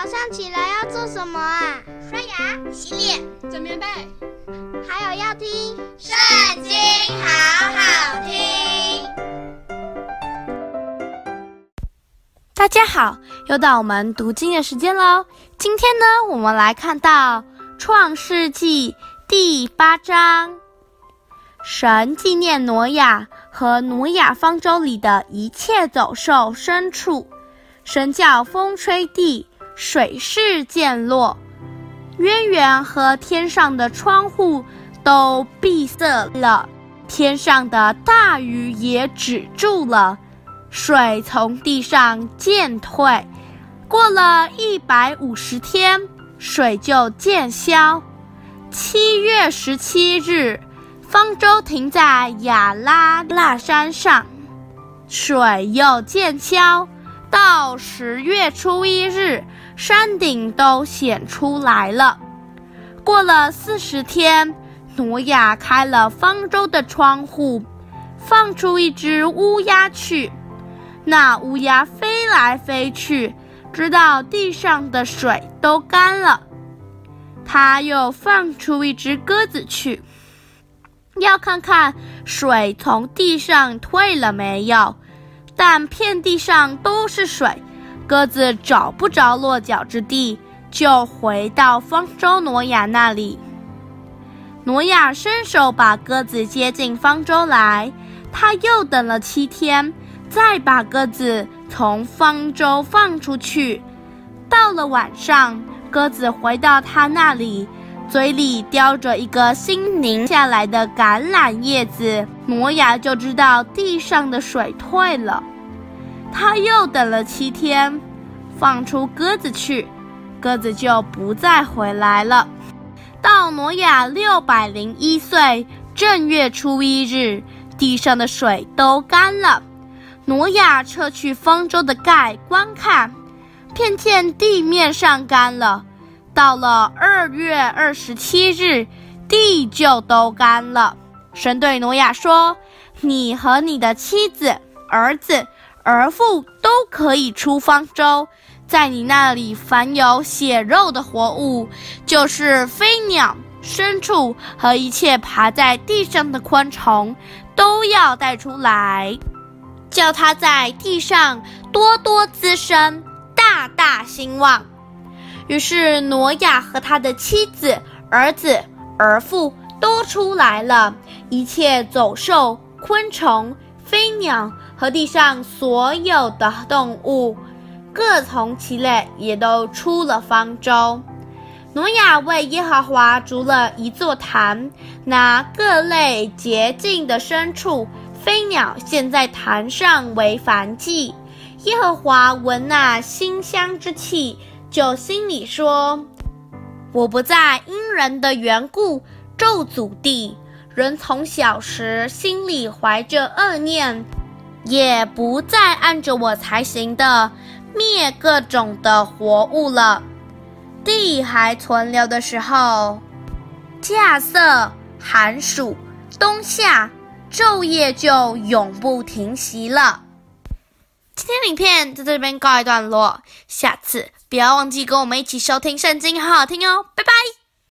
早上起來要做什麼啊？刷牙、洗臉、枕棉被，還有要聽《聖經》，好好聽。大家好，又到我們讀經的時間嘍。今天呢，我們來看到《創世記》第八章，神紀念挪亞和挪亞方舟裡的一切走獸、牲畜，神叫風吹地。水勢漸落，淵源和天上的窗戶都閉塞了，天上的大雨也止住了，水從地上漸退。過了一百五十天，水就漸消。七月十七日，方舟停在亞拉臘山上，水又漸消。到十月初一日，山頂都顯出來了。過了四十天，挪亞開了方舟的窗戶，放出一隻烏鴉去。那烏鴉飛來飛去，直到地上的水都乾了。他又放出一隻鴿子去，要看看水從地上退了沒有。但遍地上都是水。鴿子找不着落腳之地，就回到方舟挪亞那裡。挪亞伸手把鴿子接進方舟來，他又等了七天，再把鴿子從方舟放出去。到了晚上，鴿子回到他那裡，嘴裡叼着一個新擰下來的橄欖葉子，挪亞就知道地上的水退了。他又等了七天，放出鴿子去，鴿子就不再回來了。到挪亞六百零一歲，正月初一日，地上的水都乾了。挪亞撤去方舟的蓋，觀看，便見地面上乾了。到了二月二十七日，地就都乾了。神對挪亞說：“你和你的妻子、兒子。”兒婦都可以出方舟，在你那裡凡有血肉的活物，就是飛鳥、牲畜和一切爬在地上的昆蟲，都要帶出來，叫它在地上多多滋生，大大興旺。於是挪亞和他的妻子、兒子、兒婦都出來了，一切走獸、昆蟲、飛鳥。和地上所有的動物，各從其類，也都出了方舟。挪亞為耶和華築了一座壇，拿各類潔淨的牲畜、飛鳥獻在壇上為燔祭。耶和華聞那馨香之氣，就心裡說：“我不再因人的緣故咒詛地，人從小時心裡懷着惡念。”也不再按着我才行的滅各種的活物了。地還存留的時候，稼穡、寒暑、冬夏、晝夜就永不停息了。今天影片在這邊告一段落，下次不要忘記跟我們一起收聽聖經，好好聽哦，拜拜。